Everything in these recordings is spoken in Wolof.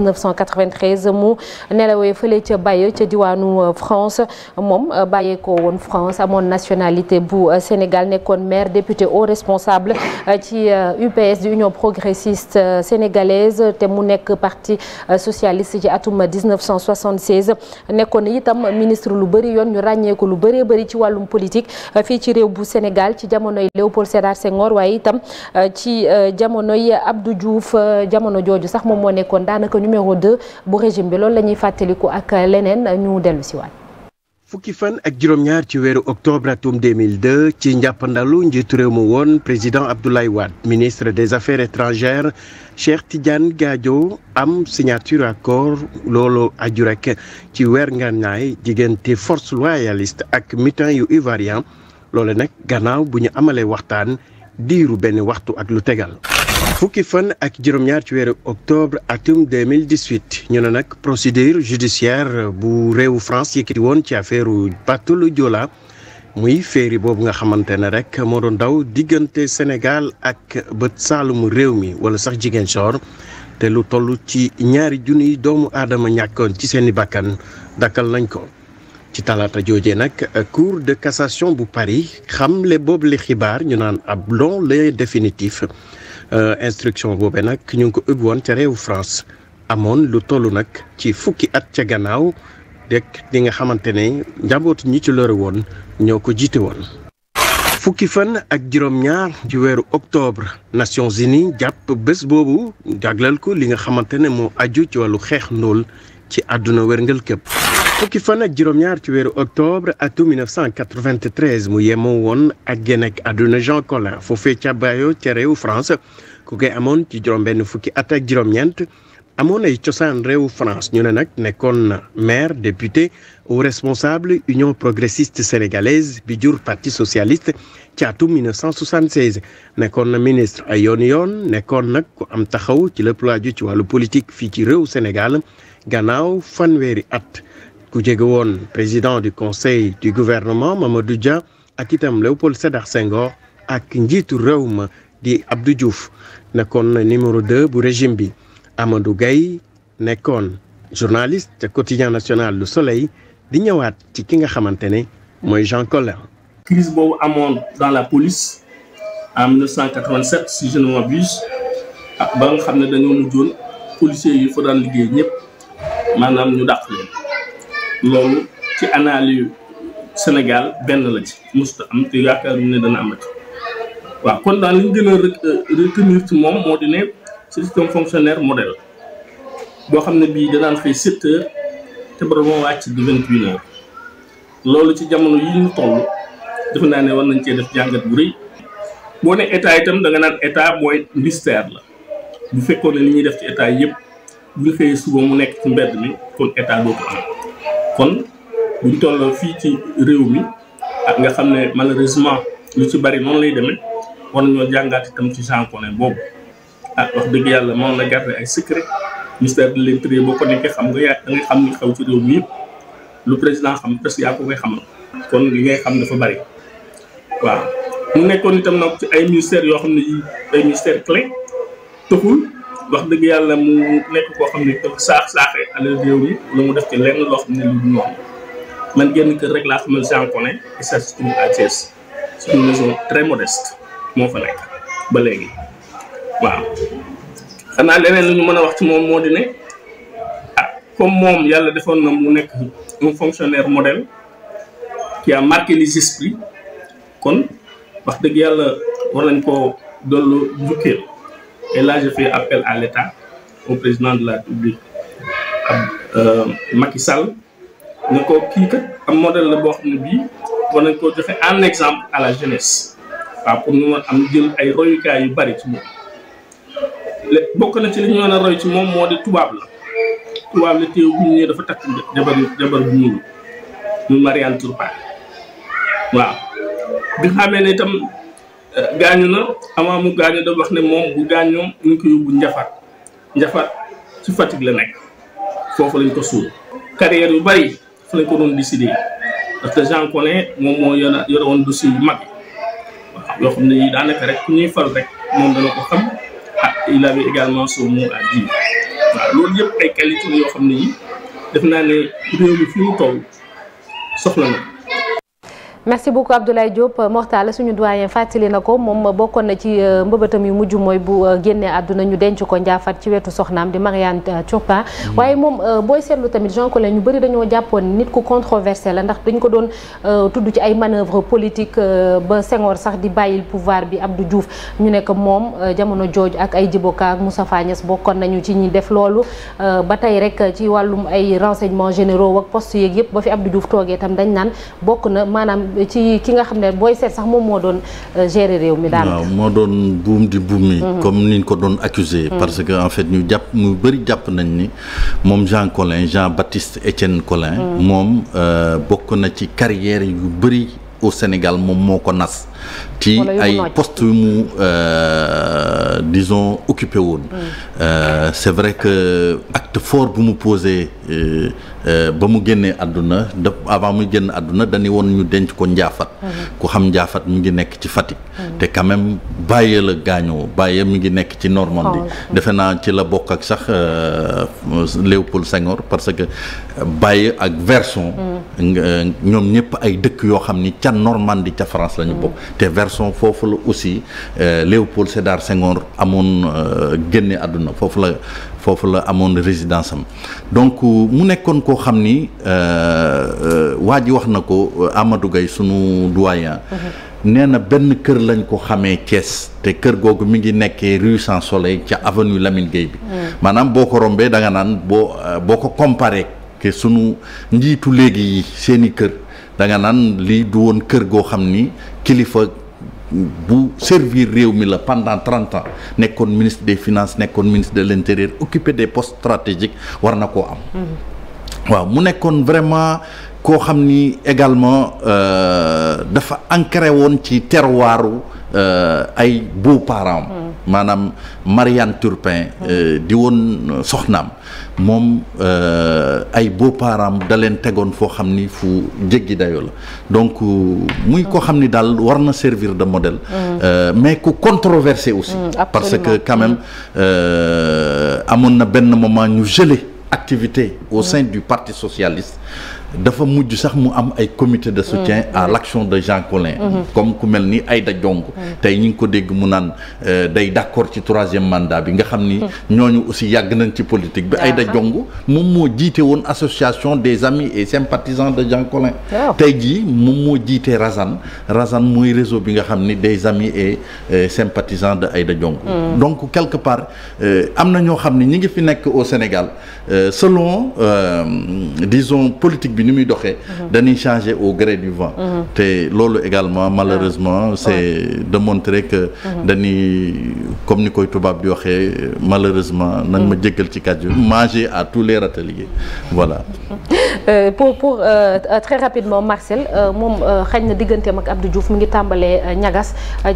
1993 mu nelawee fële ca Baye ca diwaanu euh, France moom euh, bàyyeekoo woon France amoon nationalité bu euh, Sénégal nekkoon maire député haut responsable ci UPS di Union progressiste sénégalaise te mu nekk parti socialiste ci atum 1976 nekkoon itam ministre lu bëri yoon ñu ràññee lu bëree bëri ci wàllum politique fii ci réew bu Sénégal ci jamonoy Léopold Sédar Senghor waaye itam ci jamonoy Abdou Diouf jamono jooju sax moom moo nekkoon daanaka ñu numéro 2 bu régime bi loolu la ñuy fàttaliku ak leneen ñu fukki fan ak juróom-ñaar ci weeru octobre atum 2002 ci njàppandalu njiitu réew mu woon président Abdoulaye Wade ministre des affaires étrangères Cheikh Tidiane Gadio am signature accord loolu aju rek ci weer ngànnaay diggante force loyaliste ak mutin yu ivoirien loole nag gannaaw bu ñu amalee waxtaan diiru benn waxtu ak lu tegal fukki fan ak juróom weeru octobre atum 2018 ñu ne nag procédure judiciaire bu réewu France yëkkati woon ci affaire bateau Joola muy féeri boobu nga xamante ne rek moo doon daw diggante Sénégal ak bët saalumu réew mi wala sax Ziguinchor te lu toll ci ñaari junniy doomu aadama ñàkkoon ci seeni bakkan dakkal nañ ko ci talaata joojee nag cour de cassation bu Paris xamle boobu li xibaar ñu naan ab long lay définitif Euh, instruction boobee nag ñu ngi ko ubbi woon ca réewu France amoon lu toll nag ci fukki at ca gannaaw rek di nga xamante ne njabootu ñi ci lore woon ñoo ko jiite woon. fukki fan ak juróom-ñaar ci weeru octobre Nations Unies jàpp bés boobu jagleel ko li nga xamante ne moo aju ci wàllu xeex ndóol ci àdduna wërngël képp. fukki fan ak juróom-ñaar ci weeru octobre atum 1993 mu yemoo woon ak génn ak àdduna Jean Collin foofee ca Bayo ca réewu France ku koy amoon ci juróom-benn fukki at ak juróom-ñeent amoon ay cosaan réewu France ñu ne nag nekkoon na maire député ou responsable union progressiste sénégalaise bi jur parti socialiste ci atum 1976 nekkoon na ministre a yoon yoon nekkoon nag ku am taxaw ci lépp lu ci wàllu politique fii ci réew Sénégal gannaaw fanweeri at. ku jege woon président du conseil du gouvernement Mamadou Dia ak itam Léopold Sédar Senghor ak njiitu réew ma di abdu Diouf nekkoon na numéro deux bu régime bi Amadou gay nekkoon journaliste te quotidien national Le Soleil di ñëwaat ci ki nga xamante ne mooy Jean Collin. crise boobu amoon dans la police en 1987 si je ah, ba nga xam ne dañoo mujjoon policiers yi fa daan liggéey ñëpp maanaam ñu dàq leen. loolu ci analyse senegal benn la ci musta am te yaakaar ne dana amati waaw kon daan li ñu gën a euh, retenir moom moo di ne c'est un fonctionnaire boo xam ne bii danaan xëy 7 heures te ba doon wàcc di 28 heures loolu ci jamono yi ñu toll defe naa ne war nañ cee def jàngat bu rëy boo ne état itam da nga naan état mooy ministère la bu fekkoon ne li ñuy def ci état yëpp bu ñu xëyee suba mu nekk ci mbedd mi kon état doo ko am. kon buñ toll fii ci réew mi nga xam ne malheureusement lu ci bari noonu lay demee war nañoo jàngaat itam ci sancone boobu ah wax dëgg yàlla moom la garder ay secret ministère de l'intérieur boo ko nekkee xam nga yaa a ngay xam ni xew ci réew mi yëpp lu président xam presque yaa ko koy xamal kon li ngay xam dafa bari waaw mu nekkoon itam nag ci ay ministères yoo xam ne yi ay ministères clés taxul wax dëgg yàlla mu nekk koo xam ne que saax saaxee alal réew mi la mu def ci lenn loo xam ne lu dul noonu man génn kër rek laa xamal Jean Koné et ça se trouve à Thiès c'est maison très modeste moo fa nekk ba léegi waaw. xanaa leneen lu mën a wax ci moom moo dine ah comme moom yàlla defoon na mu nekk un fonctionnaire modèle qui a marqué les esprits kon wax dëgg yàlla war nañ koo dollu njukkeel. Et là, je fais appel à l'État, au président de la République, ab euh, Macky Sall, ne ko kii kat am model la boo xam ne bii war nañ koo joxe en exemple à la jeunesse waaw pour ñu mën am jël ay royukaay yu bari ci moom bokk na ci li ñu mën roy ci moom moo di tubaab la tubaab la teew bu ñu dafa takk jabar jabar bu ñuul muy Marianne Tourpin waaw bi xamee ne itam gaañu na avant mu gaañu da wax ne moom bu gaañoo ñu ngi ko yóbbu njafaat njafaat ci Fatick la nekk foofu lañ ko suul carrière yu bari fa lañ ko doon décidé parce que Jean Collin moom moo yore yore woon dossier yu mag waaw yoo xam ne yi daanaka rek ku ñuy rek moom dana ko xam ah il avait également son mot à waaw loolu yëpp ay qualité yoo xam ne yi def naa ne réew mi fi mu toll soxla na merci beaucoup Abdoulaye Diop euh, Mortala suñu doyen fàttali na ko moom bokkoon na ci euh, mbëbëtam yu mujj mooy bu euh, génnee àdduna ñu denc ko njaafat ci wetu soxnaam di Marianne Turpin mm-hmm. waaye moom booy seetlu tamit Jean Collin ñu bëri dañoo jàppoon nit ku controversé la ndax dañ ko doon tudd ci ay manœuvre politique ba Senghor sax di bàyyil pouvoir bi Abdou juuf ñu nekk moom jamono jooj ak ay Djiboka ak Moustapha Niasse bokkoon nañu ci ñi def loolu ba tey rek ci wàllum ay renseignements généraux ak poste yeeg yëpp ba fi Abdou Diouf toogee tam dañ naan ci ki nga xam ne booy seet sax moom moo doon euh, gérer réew mi daanaka. moo doon buum di buum mi. Mm-hmm. comme niñ ko doon accusé mm-hmm. parce que en fait ñu jàpp ñu bëri jàpp nañ ni moom Jean Collin Jean Baptiste Étienne Collin. Mm-hmm. moom euh, bokk na ci carrière yu bëri au Sénégal moom moo ko nas. ci ay poste mu euh, disons occupé woon mm. euh, c'est vrai que acte fort bu mu posé euh, ba mu génnee àdduna da avant muy génn àdduna dañu woon ñu denc ko njaafat mm-hmm. ku xam njaafat mi ngi nekk ci Fatick mm-hmm. te quand bàyyee la gaañoo bàyyee mi ngi nekk ci Normandie oh, defe naa ci la bokk ak sax Léopold Senghor parce que bàyyee ak Verson mm. ñoom ñëpp ay dëkk yoo xam ni ca Normandie ca France la bokk mm. façon foofu la aussi euh, Léopold Sédar Senghor amoon euh, génne àdduna foofu la foofu la amoon résidence am donc euh, mu nekkoon koo xam ni waa ji wax na ko Amadou Gaye suñu doyen. Mhm. nee na benn kër lañ ko xamee Thiès te kër googu mi ngi nekkee rue Sans Soleil ca avenue Lamine Gueye bi. Mhm. maanaam boo ko rombee da nga naan boo boo ko comparé ke sunu njiitu léegi yi seeni kër danga naan li du woon kër goo xam ni kilifa. bu servir réew mi la pendant trente ans nekkoon ministre des finance nekkoon ministre de l'intérieur occupé des postes stratégiques war na koo am mhm. waaw mu nekkoon vraiment koo xam ni également euh, dafa ancré woon ci terroiru euh, ay beaux-parents mhm. maanaam Marianne Turpin euh, di woon euh, soxnaam moom euh, ay beaux-parents da leen tegoon foo xam ni fu jéggi dayoo la donc muy ko xam ni daal war na servir de modèle mm. mais ku controversé aussi mm, parce que quand même mm. amoon na benn moment ñu gelé activité au sein du parti socialiste dafa mujj sax mu am ay commité de soutien mm. à mm. l'action de Jean Collin mm-hmm. comme ku mel ni Aïda Diong mm. tey ñu ngi ko dégg mu naan euh, day d'accord ci troisième mandat bi nga xam ni ñooñu aussi yàgg nañ ci politique bi Aïda Diong moom moo jiite woon association des amis et sympathisants de Jean Collin tey jii moom moo jiite Razan Razan mooy réseau bi nga xam ni des amis et euh, sympathisants de Aïda Diong donc quelque part euh, am na ñoo xam ni ñi ngi fi nekk au Sénégal selon disons bi ni muy doxee mhm. dañuy changer au gré du vent mhm. te loolu également malheureusement c'est de montrer que mhm. dañuy comme ni koy tubaab di waxee malheureusement nañ ma jéggal ci kàddu manger à tous les râteliers voilà euh, pour pour euh, euh très rapidement Marcel euh, moom euh, xañ na digganteem ak Abdou Diouf mi ngi tàmbalee ñagas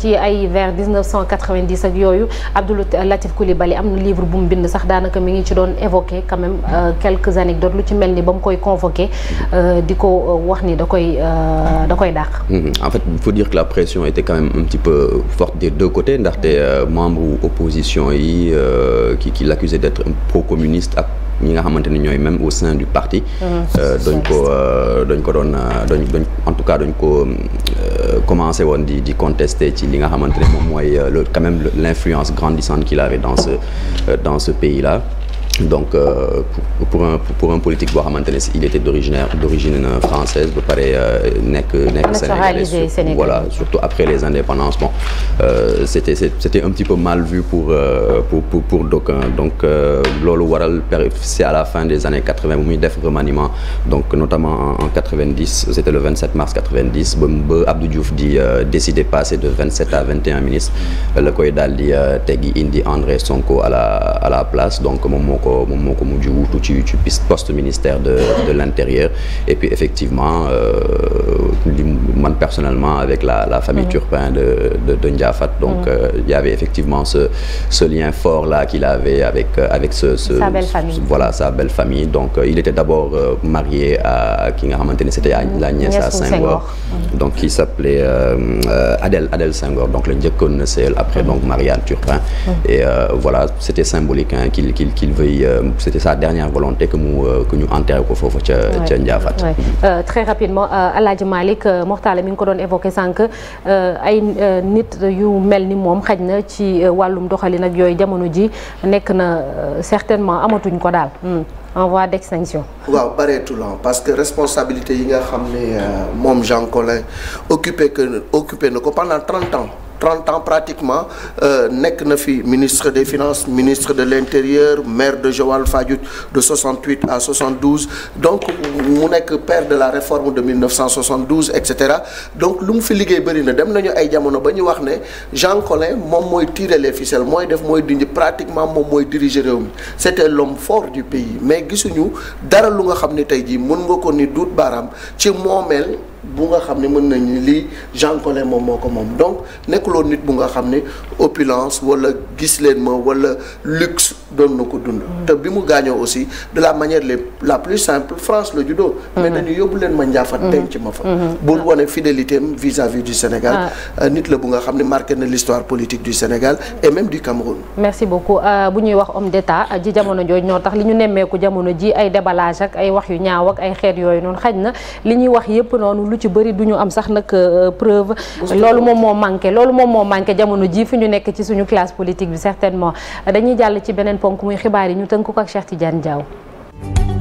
ci ay vers 1990 ak yooyu Abdou Latif Coulibaly am na livre bu mu bind sax daanaka mi ngi ci doon évoquer quand même quelques anecdotes lu ci mel ni ba mu koy convoqué Euh, di ko euh, wax ni da koy euh, da koy dàq. Mhm. en fait il faut dire que la pression était quand même un petit peu forte des deux côtés ndaxte membre opposition yi ki ki l'accusait d'être un pro-communiste ak ñi nga xamante ni ñooy même au sein du parti. Mhm. dañ ko dañ ko doon dañ dañ en tout cas dañ ko commencé woon di di contester ci li nga xamante ne moom mooy le quand même l'influence grandissante qu'il avait dans ce dans ce pays là. donc euh, pour, politique boo xamante ne si il était d'origine d'origine euh, française ba pare euh, nekk nekk sénégalais voilà surtout après les indépendances bon euh, c'était c'était un petit peu mal vu pour euh, pour pour, pour d'aucuns donc euh, loolu la fin des années 80 bu def remaniement donc notamment en, en 90 c'était le 27 mars 90 ba ba Abdou Diouf di de 27 à 21 ministres la daal di teggi indi André Sonko la à la place moom ko moom moo ko mujj wuutu ministère de de l'intérieur et puis effectivement euh, man personnellement avec la la famille Turpin de de de Ndiafat donc euh, il y avait effectivement ce ce lien fort là qu'il avait avec euh, avec ce ce sa belle famille donc il était d'abord marié à ki nga xamante ne c'était la nièce à Senghor donc qui s'appelait Adèle Adèle Senghor donc la njëkkoon seel après donc Marianne Turpin et voilà c'était symbolique qu'il qu'il mooy euh, c'était sa dernière volonté que mu euh, que ñu enterré ko foofu ca ca euh, très rapidement Alaaji Malick Moxtaale mi ngi ko doon évoqué sànq ay nit yu mel ni moom xaj na ci wàllum doxalin ak yooyu jamono ji nekk na certainement amatuñ ko daal hmm. en voie d'extinction. waaw bareetul parce que responsabilité yi nga xam ne moom Jean Collin occupé na ko pendant trente ans 30 ans pratiquement euh, nekk na fi ministre des finances ministre de l'intérieur maire de Joal Fadiouth de 68 à 72 donc mu nekk père de la réforme de 1972 et cetera donc lu mu fi liggéey bëri dem nañu ay jamono ba ñu wax ne Jean Collin moom mooy tirer les ficelles mooy def mooy dindi pratiquement moom mooy diriger réew mi c'était l'homme fort du pays mais gisuñu dara lu nga xam ne tey jii mën nga ko ni duut baaraam ci moomeel bu nga xam ne mën nañu lii Jean Collin moom moo ko moom donc nekkuloon nit bu nga xam ne opulence wala gis leen ma wala luxe doon na ko dund. Mm. te bi mu gaañoo aussi de la manière les la plus simple France la juddoo. Mm. mais dañu yóbbu leen ma njaafat mm. denc ma fa. Mm-hmm. bul wane fidélité am vis ah. euh, la bu nga xam ne marqué na l'histoire politique du Sénégal et même du Cameroun. merci beaucoup euh, bu ñuy wax homme d'État ji euh, jamono jooju ñoo tax li ñu nemmeeku jamono ji ay déballage ak ay wax yu ñaaw ak ay xeet yooyu noonu xaj na li ñuy wax yëpp noonu. lu ci bëri du ñu am sax nag euh, preuve loolu moom moo manqué loolu moom moo manqué jamono jii fi ñu nekk ci suñu classe politique bi certainement dañuy jàll ci beneen ponk muy xibaar yi ñu tënk ko ak Cheikh Tidiane